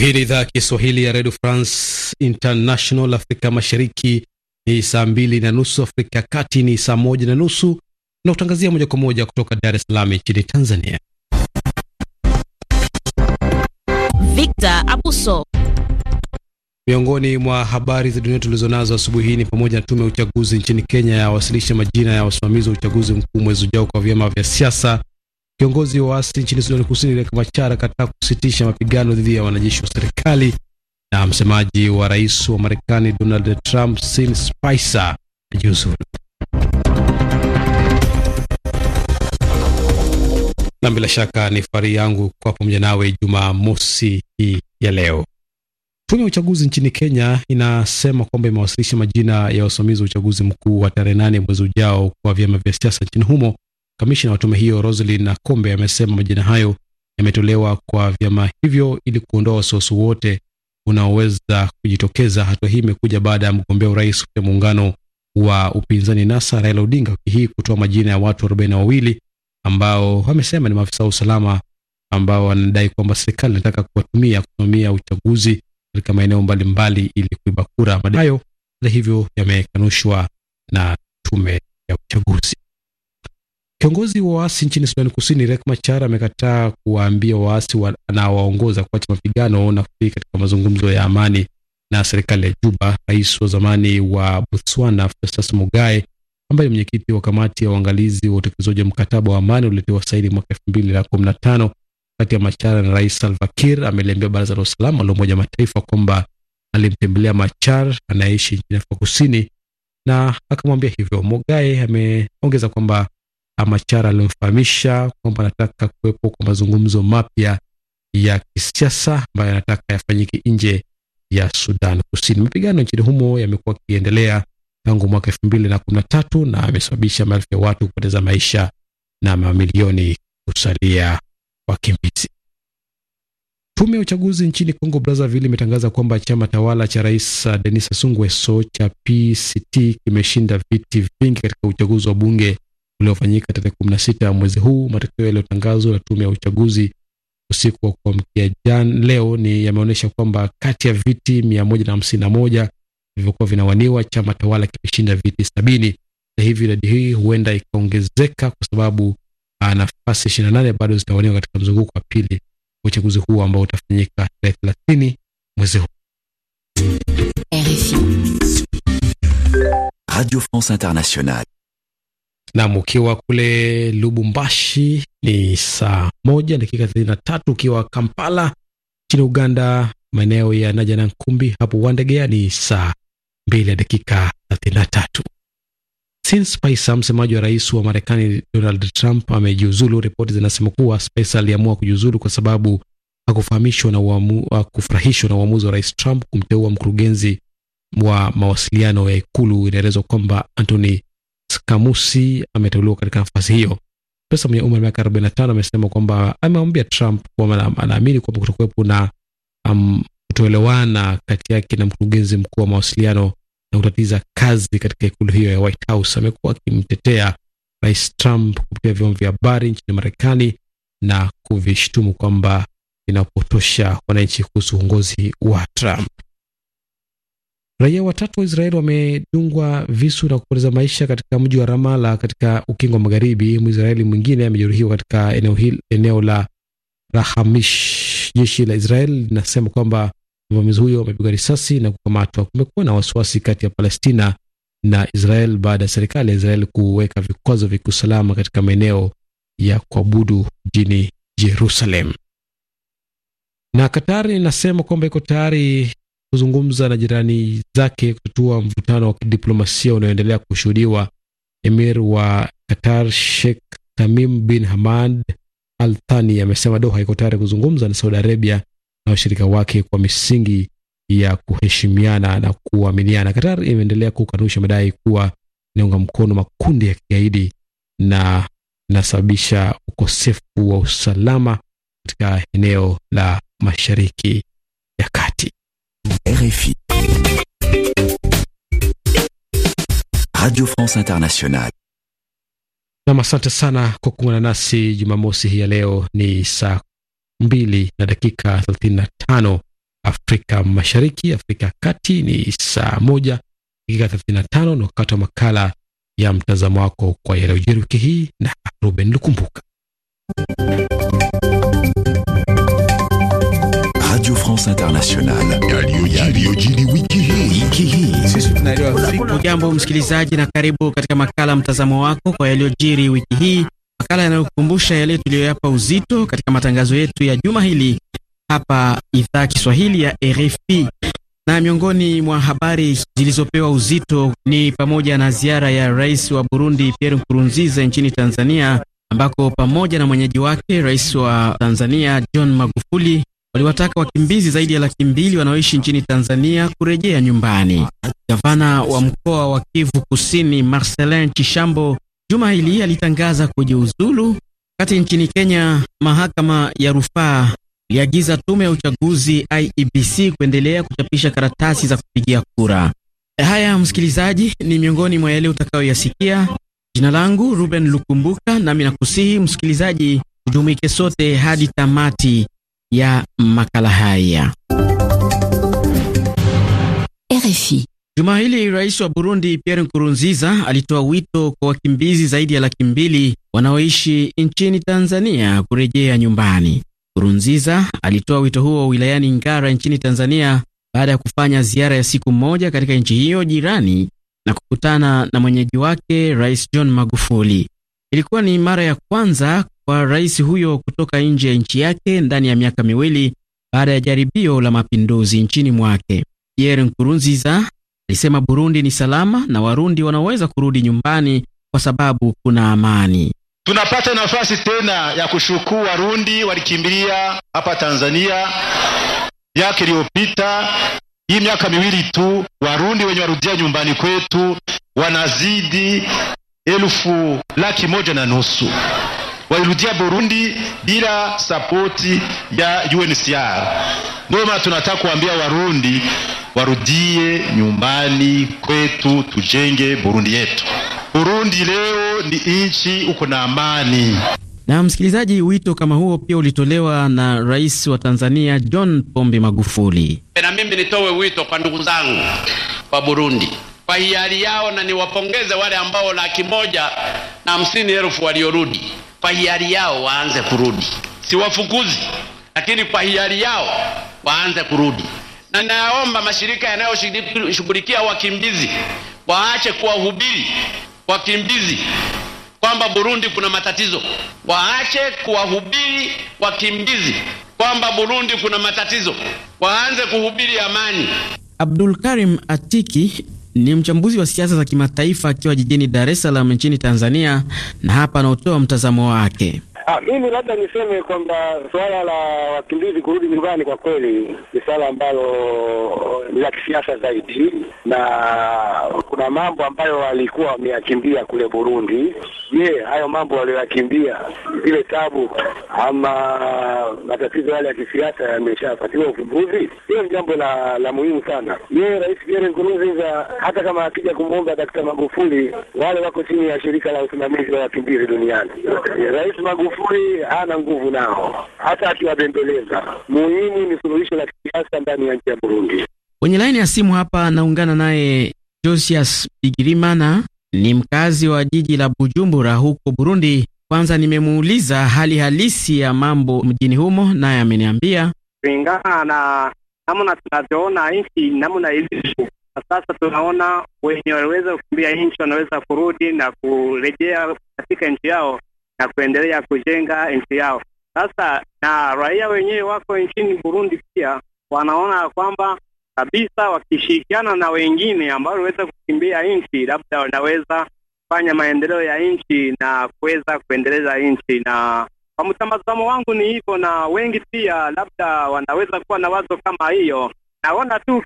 Hii ni idhaa ya Kiswahili ya redio France International. Afrika mashariki ni saa mbili na nusu, Afrika ya kati ni saa moja na nusu, na kutangazia moja kwa moja kutoka Dar es Salaam nchini Tanzania. Victor Abuso. Miongoni mwa habari za dunia tulizonazo asubuhi hii ni pamoja na tume ya uchaguzi nchini Kenya yawasilisha majina ya wasimamizi wa uchaguzi mkuu mwezi ujao kwa vyama vya siasa. Kiongozi wa waasi nchini Sudani Kusini Riek Machar akataa kusitisha mapigano dhidi ya wanajeshi wa serikali, na msemaji wa rais wa Marekani Donald Trump Sean Spicer ajiuzulu. Na bila shaka ni fahari yangu kwa pamoja nawe Jumamosi hii ya leo. Tume ya uchaguzi nchini Kenya inasema kwamba imewasilisha majina ya wasimamizi wa uchaguzi mkuu wa tarehe nane mwezi ujao kwa vyama vya siasa nchini humo Kamishina wa tume hiyo Roselyn Nakombe amesema majina hayo yametolewa kwa vyama hivyo ili kuondoa wasiwasi wote unaoweza kujitokeza. Hatua hii imekuja baada ya mgombea urais wa muungano wa upinzani NASA Raila Odinga wiki hii kutoa majina ya watu arobaini na wawili ambao wamesema ni maafisa wa usalama ambao wanadai kwamba serikali inataka kuwatumia kusimamia uchaguzi katika maeneo mbalimbali ili kuiba kura. Madai hayo hata hivyo yamekanushwa na tume ya uchaguzi. Kiongozi wa waasi nchini Sudani Kusini Riek Machar amekataa kuwaambia waasi wanaowaongoza kuacha mapigano na kufika katika mazungumzo ya amani na serikali ya Juba. Rais wa zamani wa Botswana Festus Mogae, ambaye ni mwenyekiti wa kamati ya uangalizi wa utekelezaji wa mkataba wa amani uliotiwa saini mwaka elfu mbili na kumi na tano kati ya Machar na Rais Salva Kiir, ameliambia baraza la usalama la Umoja Mataifa kwamba alimtembelea Machar anayeishi nchini Afrika Kusini na akamwambia hivyo. Mogae ameongeza kwamba Machar alimfahamisha kwamba anataka kuwepo kwa mazungumzo mapya ya kisiasa ambayo anataka yafanyike nje ya Sudan Kusini. Mapigano nchini humo yamekuwa akiendelea tangu mwaka elfu mbili na kumi na tatu na amesababisha maelfu ya watu kupoteza maisha na mamilioni kusalia wakimbizi. Tume ya uchaguzi nchini Kongo Brazzaville imetangaza kwamba chama tawala cha Rais Denis Sassou Nguesso cha PCT kimeshinda viti vingi katika uchaguzi wa bunge uliofanyika tarehe kumi na ya mwezi huu. Matokeo yaliyotangazwa na tume ya uchaguzi usiku wa kuamkia jana leo ni yameonyesha kwamba kati ya viti mia moja na na hamsini moja vilivyokuwa vinawaniwa, chama tawala kimeshinda viti sabini na hivyo idadi hii huenda ikaongezeka kwa sababu ah, nafasi na nane bado zitawaniwa katika mzunguko wa pili wa uchaguzi huu ambao utafanyika tarehe thelathini mwezi huu. Radio France Internationale. Nam, ukiwa kule Lubumbashi ni saa moja dakika thelathini na tatu ukiwa Kampala nchini Uganda, maeneo ya Naja na Nkumbi hapo Wandegea ni saa mbili ya dakika thelathini na tatu. Sean Spicer, msemaji wa rais wa Marekani Donald Trump, amejiuzulu. Ripoti zinasema kuwa Spicer aliamua kujiuzulu kwa sababu hakufahamishwa na uamu, hakufurahishwa na uamuzi wa rais Trump kumteua mkurugenzi wa mawasiliano ya ikulu. Inaelezwa kwamba Anthony Kamusi ameteuliwa katika nafasi hiyo. Pesa mwenye umri wa miaka 45 amesema kwamba amemwambia Trump kwamba anaamini kwamba kutakuwepo na um, kutoelewana kati yake na mkurugenzi mkuu wa mawasiliano na kutatiza kazi katika ikulu hiyo ya White House. Amekuwa akimtetea Rais Trump kupitia vyombo vya habari nchini Marekani na kuvishtumu kwamba inapotosha wananchi kuhusu uongozi wa Trump. Raia watatu wa Israeli wamedungwa visu na kupoteza maisha katika mji wa Ramala katika ukingo wa magharibi. Mwisraeli mwingine amejeruhiwa katika eneo, hili, eneo la Rahamish. Jeshi la Israeli linasema kwamba mvamizi huyo amepigwa risasi na kukamatwa. Kumekuwa na wasiwasi kati ya Palestina na Israel baada ya serikali ya Israel kuweka vikwazo vya kiusalama katika maeneo ya kuabudu jini Jerusalem. Na Katari inasema kwamba iko tayari kuzungumza na jirani zake kutatua mvutano wa kidiplomasia unaoendelea kushuhudiwa. Emir wa Qatar Sheikh Tamim bin Hamad Al Thani amesema Doha iko tayari kuzungumza na Saudi Arabia na washirika wake kwa misingi ya kuheshimiana na kuaminiana. Qatar imeendelea kukanusha madai kuwa inaunga mkono makundi ya kigaidi na inasababisha ukosefu wa usalama katika eneo la Mashariki RFI. Radio France Internationale. Nam, asante sana kwa kuungana nasi Jumamosi hii ya leo. Ni saa mbili na dakika 35 Afrika Mashariki, Afrika ya Kati ni saa moja dakika 35, na wakati wa makala ya mtazamo wako kwa yaliyojiri wiki hii na Ruben Lukumbuka. Radio France Internationale wiki Jambo msikilizaji, na karibu katika makala mtazamo wako kwa yaliyojiri wiki hii, makala yanayokumbusha yale tuliyoyapa uzito katika matangazo yetu ya juma hili hapa idhaa Kiswahili ya RFI. Na miongoni mwa habari zilizopewa uzito ni pamoja na ziara ya rais wa Burundi Pierre Nkurunziza nchini Tanzania ambako pamoja na mwenyeji wake rais wa Tanzania John Magufuli waliwataka wakimbizi zaidi ya laki mbili wanaoishi nchini Tanzania kurejea nyumbani. Gavana wa mkoa wa Kivu Kusini Marcelin Chishambo juma hili alitangaza kujiuzulu, wakati nchini Kenya mahakama ya rufaa iliagiza tume ya uchaguzi IEBC kuendelea kuchapisha karatasi za kupigia kura. Haya, msikilizaji, ni miongoni mwa yale utakayoyasikia. Jina langu Ruben Lukumbuka, nami nakusihi msikilizaji, tujumuike sote hadi tamati ya makala haya. RFI. Juma hili rais wa Burundi Pierre Nkurunziza alitoa wito kwa wakimbizi zaidi ya laki mbili wanaoishi nchini Tanzania kurejea nyumbani. Nkurunziza alitoa wito huo wilayani Ngara nchini Tanzania baada ya kufanya ziara ya siku moja katika nchi hiyo jirani na kukutana na mwenyeji wake Rais John Magufuli. Ilikuwa ni mara ya kwanza kwa rais huyo kutoka nje ya nchi yake ndani ya miaka miwili baada ya jaribio la mapinduzi nchini mwake. Pierre Nkurunziza alisema Burundi ni salama na Warundi wanaweza kurudi nyumbani kwa sababu kuna amani. Tunapata nafasi tena ya kushukuru Warundi walikimbilia hapa Tanzania miaka iliyopita. Hii miaka miwili tu Warundi wenye warudia nyumbani kwetu wanazidi elfu laki moja na nusu wairudia Burundi bila sapoti ya UNHCR. Ndio maana tunataka kuambia Warundi warudie nyumbani kwetu, tujenge Burundi yetu. Burundi leo ni nchi uko na amani. Na msikilizaji, wito kama huo pia ulitolewa na rais wa Tanzania John Pombe Magufuli. Na mimi nitowe wito kwa ndugu zangu wa Burundi kwa hiari yao, na niwapongeze wale ambao laki moja na hamsini elfu waliorudi kwa hiari yao waanze kurudi, siwafukuzi, lakini kwa hiari yao waanze kurudi, na naomba mashirika yanayoshughulikia wakimbizi waache kuwahubiri wakimbizi kwamba Burundi kuna matatizo, waache kuwahubiri wakimbizi kwamba Burundi kuna matatizo, waanze kuhubiri amani. Abdul Karim Atiki ni mchambuzi wa siasa za kimataifa akiwa jijini Dar es Salaam nchini Tanzania, na hapa anaotoa mtazamo wake. Ha, ah, mimi labda niseme kwamba suala la wakimbizi kurudi nyumbani kwa kweli ni suala ambalo eh, ni la kisiasa zaidi, na kuna mambo ambayo walikuwa wameyakimbia kule Burundi Je, hayo mambo waliyakimbia zile tabu ama matatizo yale ya kisiasa yameshapatiwa ufumbuzi? Hiyo ni jambo la, la muhimu sana. Yeye Rais Pierre Nkurunziza hata kama akija kumwomba Dakta Magufuli, wale wako chini ya shirika la usimamizi wa wakimbizi duniani, Rais Magufuli hana nguvu nao, hata akiwabembeleza. Muhimu ni suluhisho la kisiasa ndani ya nchi ya Burundi. Kwenye laini ya simu hapa naungana naye Josias Bigirimana ni mkazi wa jiji la Bujumbura huko Burundi. Kwanza nimemuuliza hali halisi ya mambo mjini humo, naye ameniambia kulingana na namna tunavyoona nchi namna ilivyo sasa, tunaona wenye waliweza kukimbia nchi wanaweza kurudi na kurejea katika nchi yao na kuendelea kujenga nchi yao. Sasa na raia wenyewe wako nchini Burundi pia wanaona kwamba kabisa, wakishirikiana na wengine ambao wanaweza kukimbia nchi, labda wanaweza fanya maendeleo ya nchi na kuweza kuendeleza nchi. Na kwa mtazamo wangu ni hivyo, na wengi pia labda wanaweza kuwa na wazo kama hiyo. Naona tu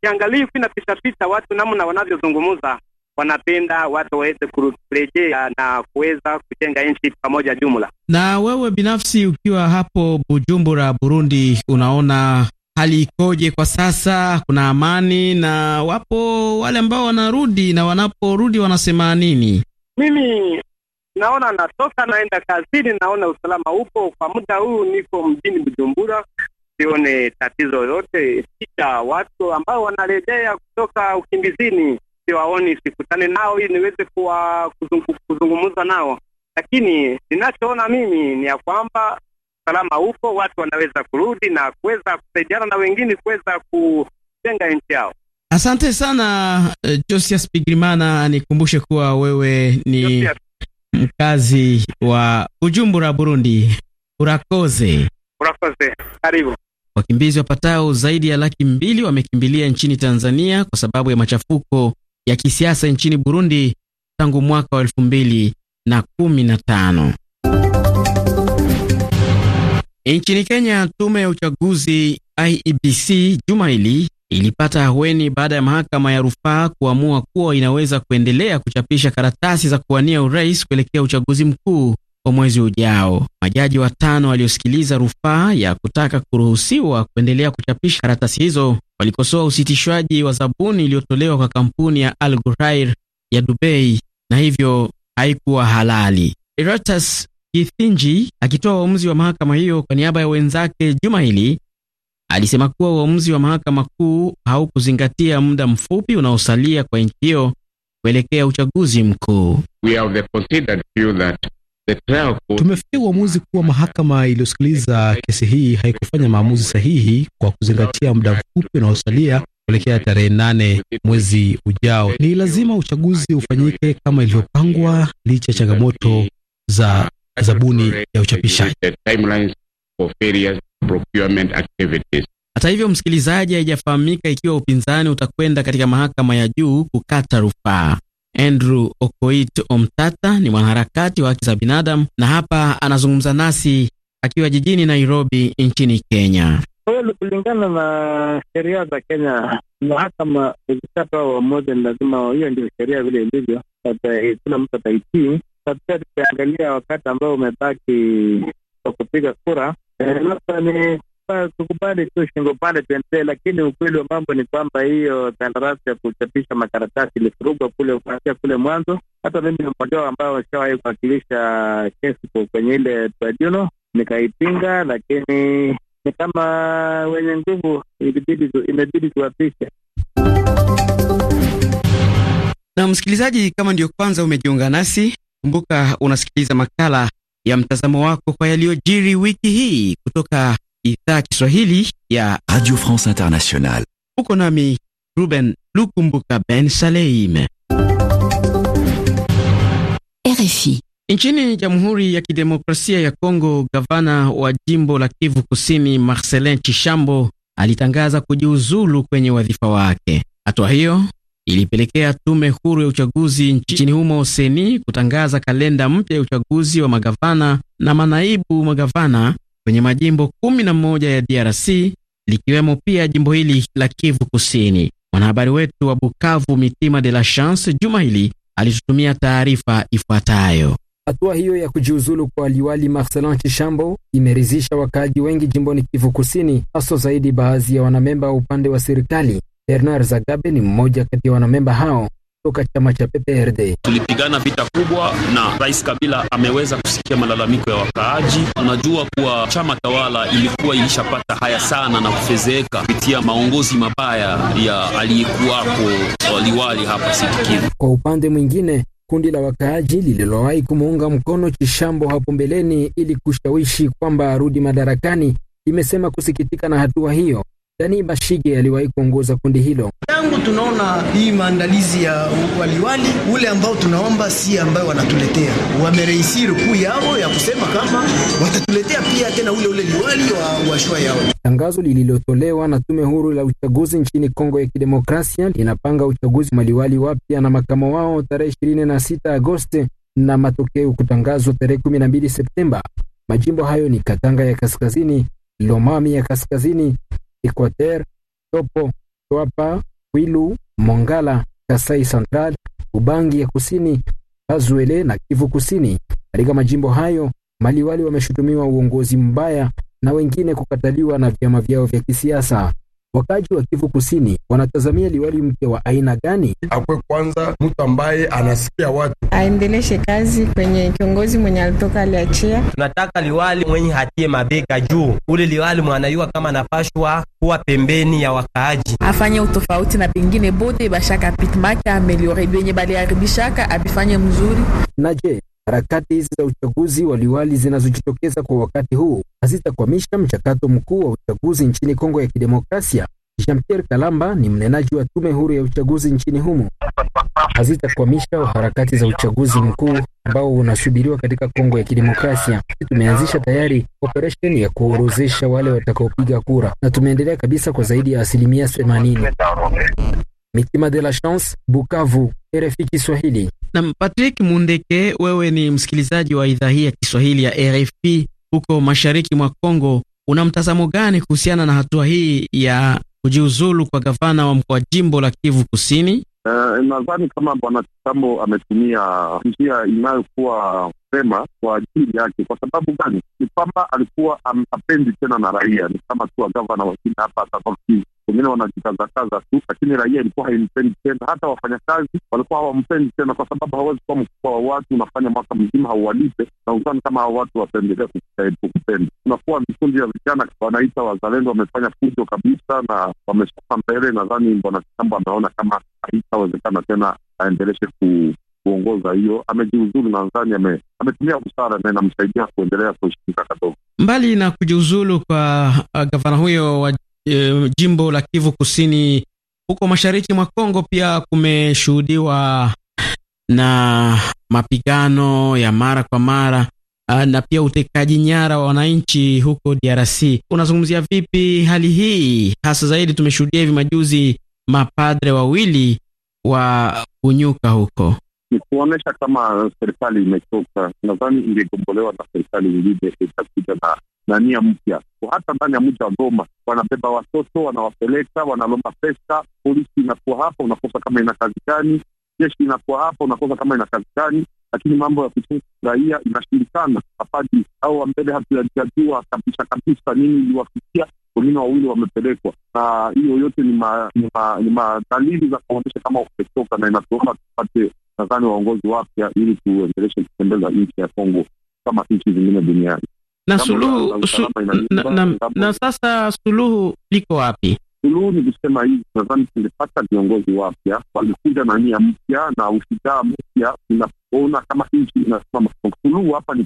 kiangalia na picha picha watu namna wanavyozungumza, wanapenda watu waweze kurejea na kuweza kujenga nchi pamoja jumla. Na wewe binafsi ukiwa hapo Bujumbura, Burundi, unaona hali ikoje kwa sasa? Kuna amani na wapo wale ambao wanarudi, na wanaporudi wanasema nini? Mimi naona natoka naenda kazini, naona usalama upo. Kwa muda huu niko mjini Bujumbura, sione tatizo yote sita watu ambao wanarejea kutoka ukimbizini siwaoni, sikutane nao ili niweze kuzungumza nao, lakini ninachoona mimi ni ya kwamba usalama upo, watu wanaweza kurudi na kuweza kusaidiana na wengine kuweza kujenga nchi yao. Asante sana uh, Josias Pigrimana, nikumbushe kuwa wewe ni Josias, mkazi wa Bujumbura, Burundi. Urakoze, urakoze, karibu. Wakimbizi wapatao zaidi ya laki mbili wamekimbilia nchini Tanzania kwa sababu ya machafuko ya kisiasa nchini Burundi tangu mwaka wa elfu mbili na kumi na tano. Nchini Kenya, tume ya uchaguzi IEBC juma hili ilipata ahueni baada ya mahakama ya rufaa kuamua kuwa inaweza kuendelea kuchapisha karatasi za kuwania urais kuelekea uchaguzi mkuu wa mwezi ujao. Majaji watano waliosikiliza rufaa ya kutaka kuruhusiwa kuendelea kuchapisha karatasi hizo walikosoa usitishwaji wa zabuni iliyotolewa kwa kampuni ya Al Ghurair ya Dubai na hivyo haikuwa halali. Reuters Keith akitoa uamuzi wa mahakama hiyo kwa niaba ya wenzake juma hili alisema kuwa uamuzi wa mahakama kuu haukuzingatia muda mfupi unaosalia kwa nchi hiyo kuelekea uchaguzi mkuu. Tumefikia uamuzi kuwa mahakama iliyosikiliza kesi hii haikufanya maamuzi sahihi kwa kuzingatia muda mfupi unaosalia kuelekea tarehe nane mwezi ujao. Ni lazima uchaguzi ufanyike kama ilivyopangwa licha ya changamoto za zabuni ya uchapishaji. Hata hivyo, msikilizaji, haijafahamika ikiwa upinzani utakwenda katika mahakama ya juu kukata rufaa. Andrew Okoit Omtata ni mwanaharakati wa haki za binadamu na hapa anazungumza nasi akiwa jijini Nairobi nchini Kenya. Kweli, kulingana na sheria za Kenya, mahakama ikishatoa uamuzi, ni lazima hiyo ndio sheria vile ilivyo. Eh, kila mtu ataitii sasa pia tukiangalia wakati ambao umebaki kwa kupiga kura eh, labda ni tukubali tu shingo pande tuendelee, lakini ukweli wa mambo ni kwamba hiyo kandarasi ya kuchapisha makaratasi ilifurugwa kule kuanzia kule mwanzo. Hata mimi ni mmoja wao ambao washawahi kuwakilisha kesi kwenye ile tribunal, nikaipinga, lakini ni kama wenye nguvu imebidi tuwapishe. Na msikilizaji, kama ndio kwanza umejiunga nasi, Kumbuka unasikiliza makala ya mtazamo wako kwa yaliyojiri wiki hii kutoka idhaa Kiswahili ya Radio France Internationale. Uko nami Ruben Lukumbuka Ben Saleim. RFI. Nchini Jamhuri ya Kidemokrasia ya Kongo, gavana wa jimbo la Kivu Kusini Marcelin Chishambo alitangaza kujiuzulu kwenye wadhifa wake. Hatua hiyo ilipelekea tume huru ya uchaguzi nchini humo seni kutangaza kalenda mpya ya uchaguzi wa magavana na manaibu magavana kwenye majimbo kumi na moja ya DRC likiwemo pia jimbo hili la Kivu Kusini. Mwanahabari wetu wa Bukavu Mitima de la Chance juma hili alitutumia taarifa ifuatayo. Hatua hiyo ya kujiuzulu kwa liwali Marcelin Chishambo imeridhisha wakaaji wengi jimboni Kivu Kusini, haswa zaidi baadhi ya wanamemba wa upande wa serikali Bernard Zagabe ni mmoja kati ya wanamemba hao kutoka chama cha PPRD. Tulipigana vita kubwa na Rais Kabila ameweza kusikia malalamiko ya wakaaji. Unajua kuwa chama tawala ilikuwa ilishapata haya sana na kufezeeka kupitia maongozi mabaya ya aliyekuwako waliwali hapa Sitikivu. Kwa upande mwingine kundi la wakaaji lililowahi kumuunga mkono Chishambo hapo mbeleni ili kushawishi kwamba arudi madarakani limesema kusikitika na hatua hiyo Dani Bashige aliwahi kuongoza kundi hilo. Yangu tunaona hii maandalizi ya waliwali ule ambao tunaomba si ambayo wanatuletea, wamerehisi rukuu yao ya kusema kama watatuletea pia tena ule ule liwali wa washwa yao. Tangazo lililotolewa na tume huru la uchaguzi nchini Kongo ya Kidemokrasia linapanga uchaguzi maliwali wapya na makamo wao tarehe 26 Agosti na matokeo kutangazwa tarehe 12 Septemba. Majimbo hayo ni Katanga ya Kaskazini, Lomami ya Kaskazini Equateur Toapa Kwilu Mongala Kasai Central Ubangi ya Kusini Azuele na Kivu Kusini katika majimbo hayo maliwali wameshutumiwa uongozi mbaya na wengine kukataliwa na vyama vyao vya kisiasa Wakaji wa Kivu Kusini wanatazamia liwali mpya wa aina gani? Akwe kwanza mtu ambaye anasikia watu, aendeleshe kazi kwenye kiongozi mwenye alitoka aliachia. Tunataka liwali mwenye hatie mabega juu, ule liwali mwanayua kama anapashwa kuwa pembeni ya wakaaji, afanye utofauti na pengine bote bashaka pitmaka ameliore benye baliharibishaka abifanye mzuri. Na je Harakati hizi za uchaguzi waliwali zinazojitokeza kwa wakati huu hazitakwamisha mchakato mkuu wa uchaguzi nchini Kongo ya Kidemokrasia. Jean Pierre Kalamba ni mnenaji wa tume huru ya uchaguzi nchini humo. Hazitakwamisha harakati za uchaguzi mkuu ambao unasubiriwa katika Kongo ya Kidemokrasia. Tumeanzisha tayari operesheni ya kuorozesha wale watakaopiga kura na tumeendelea kabisa kwa zaidi ya asilimia themanini. Mitima de la Chance, Bukavu, RFI Kiswahili. Na Patrick Mundeke, wewe ni msikilizaji wa idhaa hii ya Kiswahili ya RFI huko mashariki mwa Kongo, una mtazamo gani kuhusiana na hatua hii ya kujiuzulu kwa gavana wa mkoa jimbo la Kivu Kusini? Uh, nadhani kama bwana Kisambo ametumia njia inayokuwa sema kwa ajili yake. Kwa sababu gani? Ni kwamba alikuwa hapendi tena na raia, ni kama tu gavana wengine hapa hapa wengine wanajikazakaza tu, lakini raia ilikuwa haimpendi tena. Hata wafanyakazi walikuwa hawampendi tena, kwa sababu hawezi kuwa mkubwa wa watu, unafanya mwaka mzima hauwalipe, na hususani kama hawa watu wataendelea kukupenda. Kunakuwa vikundi vya vijana wanaita wazalendo, wamefanya fujo kabisa na wamesonga mbele. Nadhani bwana ameona kama haitawezekana tena aendeleshe ku kuongoza hiyo, amejiuzulu. Nadhani ametumia busara na inamsaidia kuendelea kushika kadogo. Mbali na kujiuzulu kwa uh, gavana huyo wa E, jimbo la Kivu Kusini huko mashariki mwa Kongo pia kumeshuhudiwa na mapigano ya mara kwa mara na pia utekaji nyara wa wananchi huko DRC. Unazungumzia vipi hali hii? Hasa zaidi tumeshuhudia hivi majuzi mapadre wawili wa kunyuka huko. Ni kuonyesha kama serikali imechoka. Nadhani ingegombolewa na serikali ingine itakuja na na nia mpya. Hata ndani ya mji wa Goma wanabeba watoto wanawapeleka, wanalomba pesa. Polisi inakuwa hapa, unakosa kama ina kazi gani? Jeshi inakuwa hapa, unakosa kama ina kazi gani? Lakini mambo ya kuchunga raia inashindikana. Apaji au wambele hatujajua kabisa kabisa nini iliwafikia. Wengine wawili wamepelekwa, na hiyo yote ni madalili ma, ma, za kuonyesha kama umetoka, na inatuomba tupate nadhani waongozi wapya ili kuendelesha kutembeza nchi ya Kongo kama nchi zingine duniani na suluhu su, na, na, na sasa suluhu liko wapi? Suluhu ni kusema hivi, nadhani tulipata viongozi wapya, walikuja na nia mpya na ushujaa mpya. Unaona kama nchi inasimama. Suluhu hapa ni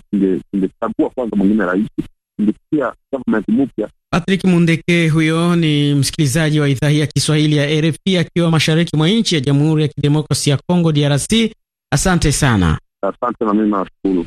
tungechagua kwanza mwingine rahisi tungepitia Patrick Mundeke huyo ni msikilizaji wa idhaa ya Kiswahili ya RFI akiwa mashariki mwa nchi ya Jamhuri ya Kidemokrasi ya Kongo, DRC. Asante sana. Asante na mimi nashukuru.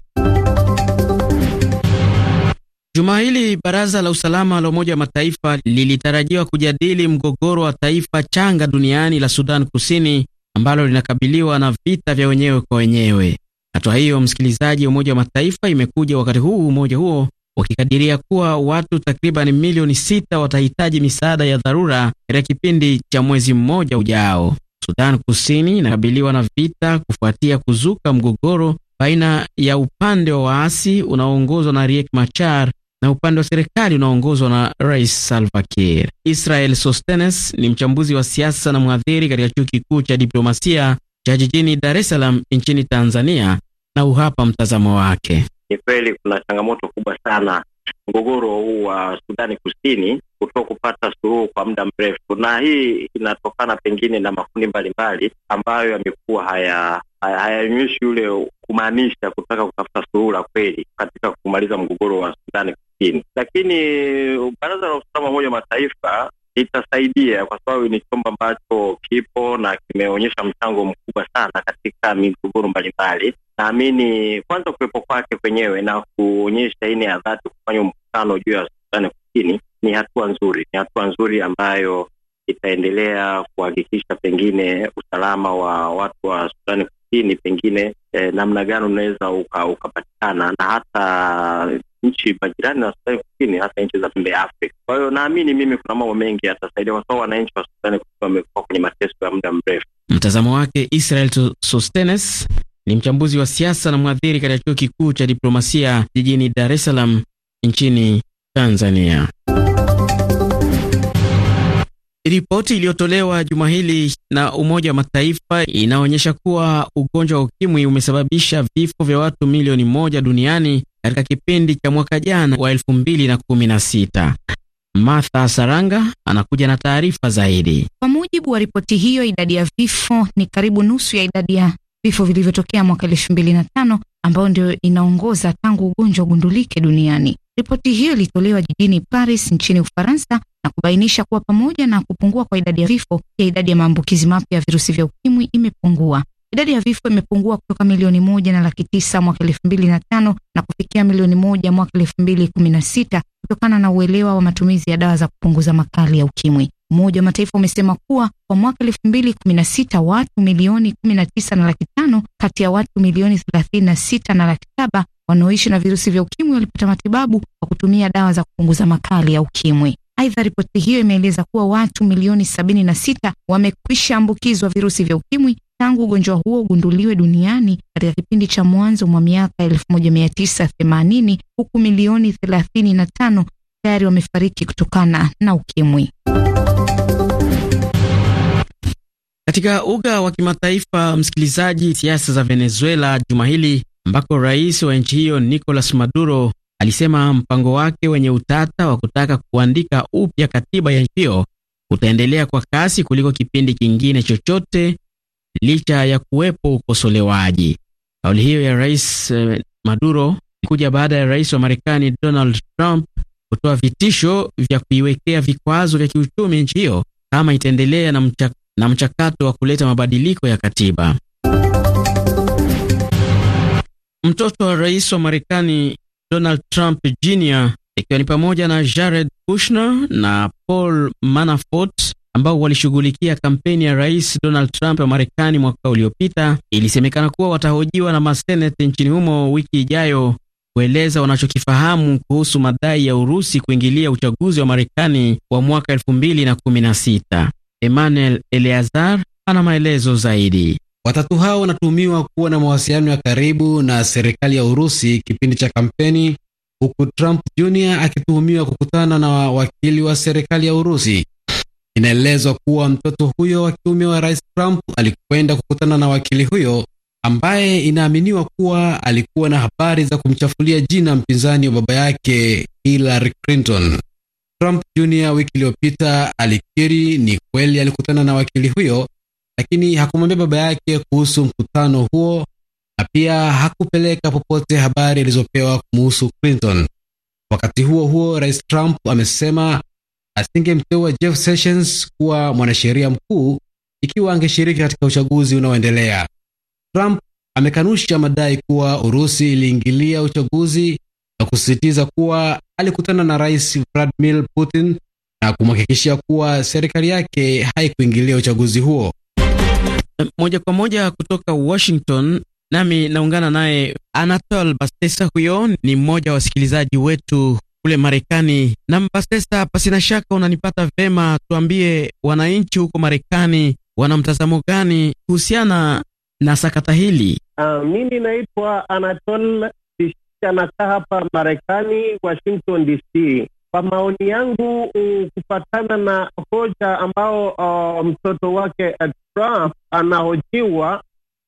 Jumaa hili baraza la usalama la Umoja wa Mataifa lilitarajiwa kujadili mgogoro wa taifa changa duniani la Sudan Kusini ambalo linakabiliwa na vita vya wenyewe kwa wenyewe. Hatua hiyo, msikilizaji, wa Umoja wa Mataifa imekuja wakati huu umoja huo wakikadiria kuwa watu takriban milioni sita watahitaji misaada ya dharura katika kipindi cha mwezi mmoja ujao. Sudan Kusini inakabiliwa na vita kufuatia kuzuka mgogoro baina ya upande wa waasi unaoongozwa na Riek Machar na upande wa serikali unaoongozwa na Rais Salva Kiir. Israel Sostenes ni mchambuzi wa siasa na mhadhiri katika Chuo Kikuu cha Diplomasia cha jijini Dar es Salaam nchini Tanzania, na uhapa mtazamo wake. Ni kweli kuna changamoto kubwa sana mgogoro huu wa Sudani Kusini kuto kupata suluhu kwa muda mrefu, na hii inatokana pengine na makundi mbalimbali ambayo yamekuwa haya hayanyweshi haya yule kumaanisha kutaka kutafuta suluhu la kweli katika kumaliza mgogoro wa Sudani maskini. Lakini Baraza la Usalama Umoja wa Mataifa itasaidia kwa sababu ni chombo ambacho kipo na kimeonyesha mchango mkubwa sana katika migogoro mbalimbali. Naamini kwanza kuwepo kwake kwenyewe na kuonyesha ine ya dhati kufanya mkutano juu ya Sudani Kusini ni hatua nzuri, ni hatua nzuri ambayo itaendelea kuhakikisha pengine usalama wa watu wa Sudani Kusini, pengine eh, namna gani unaweza ukapatikana uka na hata nchi majirani na Sudani Kusini, hasa nchi za pembe ya Afrika. Kwa hiyo naamini mimi kuna mambo mengi yatasaidia, kwa sababu wananchi wa Sudani Kusini wamekuwa kwenye mateso ya muda mrefu. Mtazamo wake Israel Sostenes ni mchambuzi wa siasa na mwadhiri katika chuo kikuu cha diplomasia jijini Dar es Salaam nchini Tanzania. Ripoti iliyotolewa juma hili na Umoja wa Mataifa inaonyesha kuwa ugonjwa wa ukimwi umesababisha vifo vya watu milioni moja duniani katika kipindi cha mwaka jana wa 2016. Martha Saranga anakuja na taarifa zaidi. Kwa mujibu wa ripoti hiyo, idadi ya vifo ni karibu nusu ya idadi ya vifo vilivyotokea mwaka 2005 ambayo ndio inaongoza tangu ugonjwa ugundulike duniani. Ripoti hiyo ilitolewa jijini Paris nchini Ufaransa na kubainisha kuwa pamoja na kupungua kwa idadi ya vifo, pia idadi ya maambukizi mapya ya virusi vya ukimwi imepungua. Idadi ya vifo imepungua kutoka milioni moja na laki tisa mwaka elfu mbili na tano na kufikia milioni moja mwaka elfu mbili kumi na sita kutokana na uelewa wa matumizi ya dawa za kupunguza makali ya ukimwi. Umoja wa Mataifa umesema kuwa kwa mwaka elfu mbili kumi na sita watu milioni kumi na tisa na laki tano kati ya watu milioni thelathini na sita na laki saba wanaoishi na virusi vya ukimwi walipata matibabu kwa kutumia dawa za kupunguza makali ya ukimwi. Aidha, ripoti hiyo imeeleza kuwa watu milioni sabini na sita wamekwisha ambukizwa virusi vya ukimwi tangu ugonjwa huo ugunduliwe duniani katika kipindi cha mwanzo mwa miaka 1980 huku milioni 35 tayari wamefariki kutokana na ukimwi. Katika uga wa kimataifa, msikilizaji, siasa za Venezuela juma hili ambako rais wa nchi hiyo Nicolas Maduro alisema mpango wake wenye utata wa kutaka kuandika upya katiba ya nchi hiyo utaendelea kwa kasi kuliko kipindi kingine chochote licha ya kuwepo ukosolewaji. Kauli hiyo ya Rais eh, Maduro ilikuja baada ya rais wa Marekani Donald Trump kutoa vitisho vya kuiwekea vikwazo vya kiuchumi nchi hiyo kama itaendelea na, mchak na mchakato wa kuleta mabadiliko ya katiba. Mtoto wa rais wa Marekani Donald Trump Jr ikiwa ni pamoja na Jared Kushner na Paul Manafort ambao walishughulikia kampeni ya Rais Donald Trump wa Marekani mwaka uliopita, ilisemekana kuwa watahojiwa na masenete nchini humo wiki ijayo kueleza wanachokifahamu kuhusu madai ya Urusi kuingilia uchaguzi wa Marekani wa mwaka 2016. Emmanuel Eleazar ana maelezo zaidi. Watatu hao wanatuhumiwa kuwa na mawasiliano ya karibu na serikali ya Urusi kipindi cha kampeni, huku Trump Jr akituhumiwa kukutana na wakili wa serikali ya Urusi Inaelezwa kuwa mtoto huyo wa kiume wa Rais Trump alikwenda kukutana na wakili huyo ambaye inaaminiwa kuwa alikuwa na habari za kumchafulia jina mpinzani wa baba yake Hillary Clinton. Trump Jr wiki iliyopita alikiri ni kweli alikutana na wakili huyo, lakini hakumwambia baba yake kuhusu mkutano huo na pia hakupeleka popote habari alizopewa kumuhusu Clinton. Wakati huo huo, Rais Trump amesema asingemteua Jeff Sessions kuwa mwanasheria mkuu ikiwa angeshiriki katika uchaguzi unaoendelea. Trump amekanusha madai kuwa Urusi iliingilia uchaguzi na kusisitiza kuwa alikutana na Rais Vladimir Putin na kumhakikishia kuwa serikali yake haikuingilia uchaguzi huo. Moja kwa moja kutoka Washington, nami naungana naye Anatol Bastesa. Huyo ni mmoja wa wasikilizaji wetu kule Marekani. Na Mpasesa, na shaka unanipata vema, tuambie wananchi huko Marekani wana mtazamo gani kuhusiana na sakata hili? Uh, mimi naitwa Anatol anakaa hapa Marekani, Washington DC. Kwa maoni yangu, mm, kufatana na hoja ambao uh, mtoto wake eh, Trump anahojiwa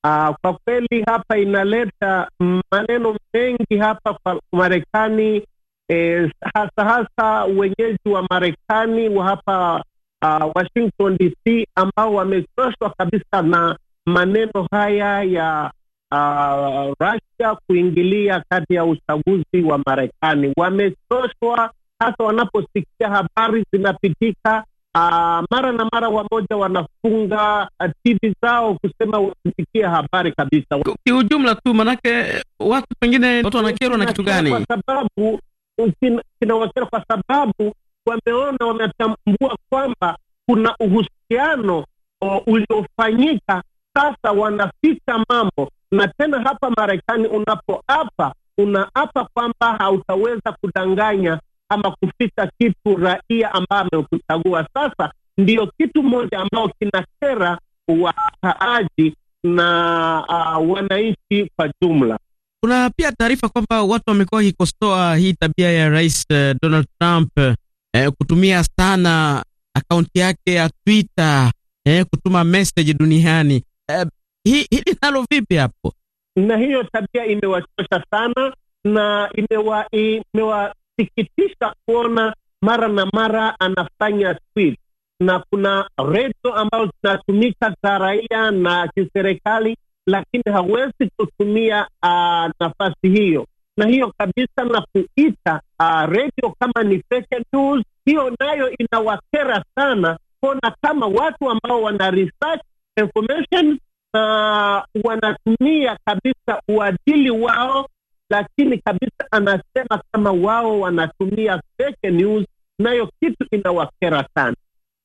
uh, kwa kweli hapa inaleta maneno mengi hapa kwa Marekani eh, hasa hasa wenyeji wa Marekani wa hapa uh, Washington DC ambao wamechoshwa kabisa na maneno haya ya uh, Russia kuingilia kati ya uchaguzi wa Marekani. Wamechoshwa hasa wanaposikia habari zinapitika Uh, mara na mara wamoja wanafunga uh, TV zao kusema wasikie habari kabisa kiujumla tu, manake watu pengine watu wanakerwa na kitu gani? Kwa sababu kinawakera kwa sababu wameona, wametambua kwamba kuna uhusiano uliofanyika. Sasa wanaficha mambo, na tena hapa Marekani unapoapa, unaapa kwamba hautaweza kudanganya ama kuficha kitu raia ambaye amekuchagua. Sasa ndiyo kitu moja ambao kinakera wakaaji na uh, wananchi kwa jumla. Kuna pia taarifa kwamba watu wamekuwa wakikosoa hii tabia ya Rais eh, Donald Trump eh, kutumia sana akaunti yake ya Twitter eh, kutuma message duniani eh, hili hi, nalo vipi hapo? Na hiyo tabia imewachosha sana na imewasikitisha kuona mara na mara anafanya tweet, na kuna redio ambazo zinatumika za raia na kiserikali lakini hawezi kutumia uh, nafasi hiyo na hiyo kabisa, na kuita uh, ah, redio kama ni fake news, hiyo nayo inawakera sana kuona kama watu ambao wana research information na uh, wanatumia kabisa uadili wao, lakini kabisa anasema kama wao wanatumia fake news, nayo kitu inawakera sana.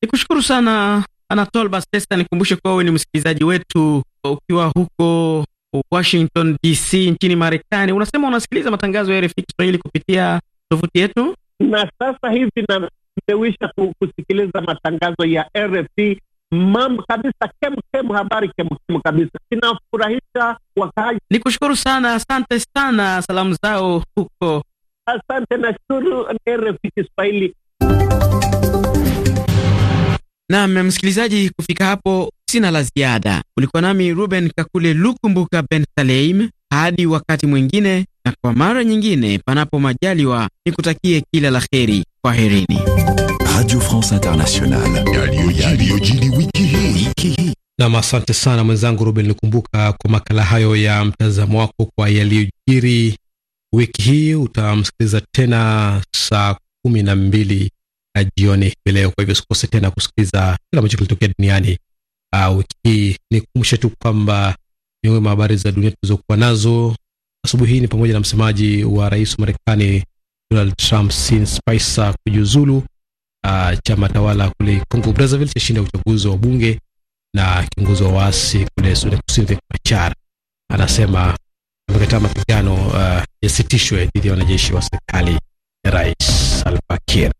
Nikushukuru sana Anatol Bastesa, nikumbushe kuwa wewe ni msikilizaji wetu ukiwa huko Washington DC nchini Marekani, unasema unasikiliza matangazo ya RFI Kiswahili kupitia tovuti yetu, na sasa hivi mewisha kusikiliza matangazo ya RFI Mam kabisa kem kem, habari kem kem kabisa, inafurahisha wakaaji. Ni kushukuru sana, asante sana, salamu zao huko. Asante na shukuru RFI Kiswahili. Naam msikilizaji, kufika hapo Sina la ziada. Ulikuwa nami Ruben Kakule Lukumbuka Ben Saleim, hadi wakati mwingine, na kwa mara nyingine, panapo majaliwa, nikutakie kila la heri. Kwa herini. Radio France Internationale. Nam, asante sana mwenzangu Ruben likumbuka kwa makala hayo ya mtazamo wako kwa yaliyojiri wiki hii. Utamsikiliza tena saa kumi na mbili na jioni hivi leo. Kwa hivyo sikose tena kusikiliza kila ambacho kilitokea duniani uh, wiki hii. Nikukumbushe tu kwamba miongoni mwa habari za dunia tulizokuwa nazo asubuhi hii ni pamoja na msemaji wa rais wa Marekani Donald Trump Sean Spicer kujiuzulu. Uh, chama tawala kule Congo Brazzaville chashinda uchaguzi wa bunge, na kiongozi wa waasi kule Sudan Kusini Riek Machar anasema amekataa mapigano uh, yasitishwe dhidi ya wanajeshi wa serikali ya rais Salva Kiir.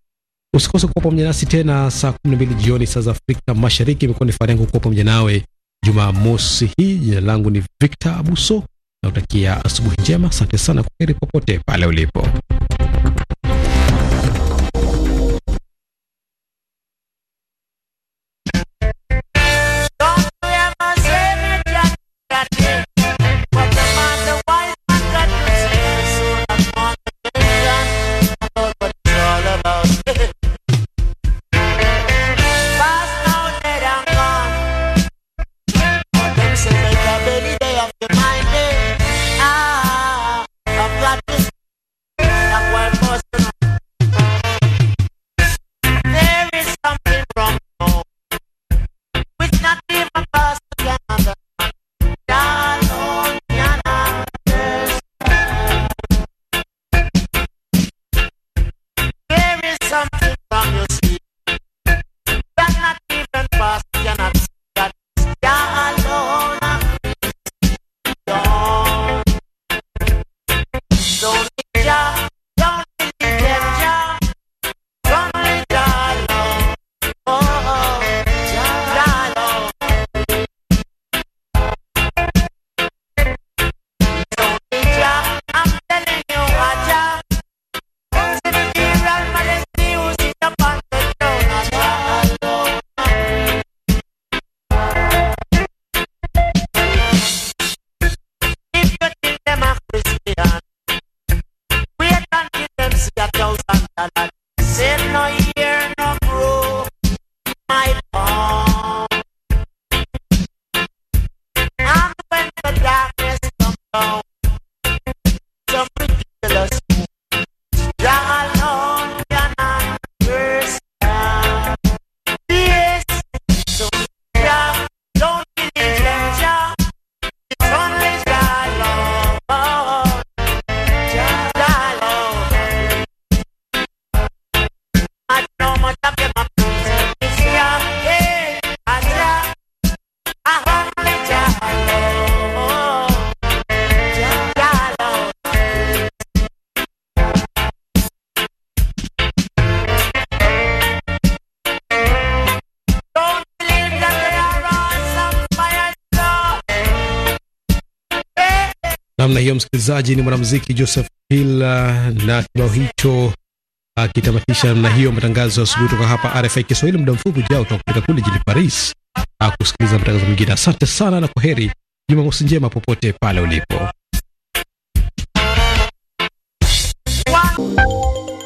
Usikose kuwa pamoja nasi tena saa 12 jioni saa za Afrika Mashariki. Imekuwa ni fahari yangu kuwa pamoja nawe Jumamosi hii. Jina langu ni Victor Abuso na utakia asubuhi njema. Asante sana, kwaheri popote pale ulipo. msikilizaji, ni mwanamuziki Joseph Hill uh, na kibao hicho akitamatisha uh, namna hiyo matangazo ya asubuhi kutoka hapa RFI Kiswahili. Muda mfupi ujao tutakupeleka kule jijini Paris uh, kusikiliza matangazo mengine. Asante sana na kwa heri, Jumamosi njema popote pale ulipo.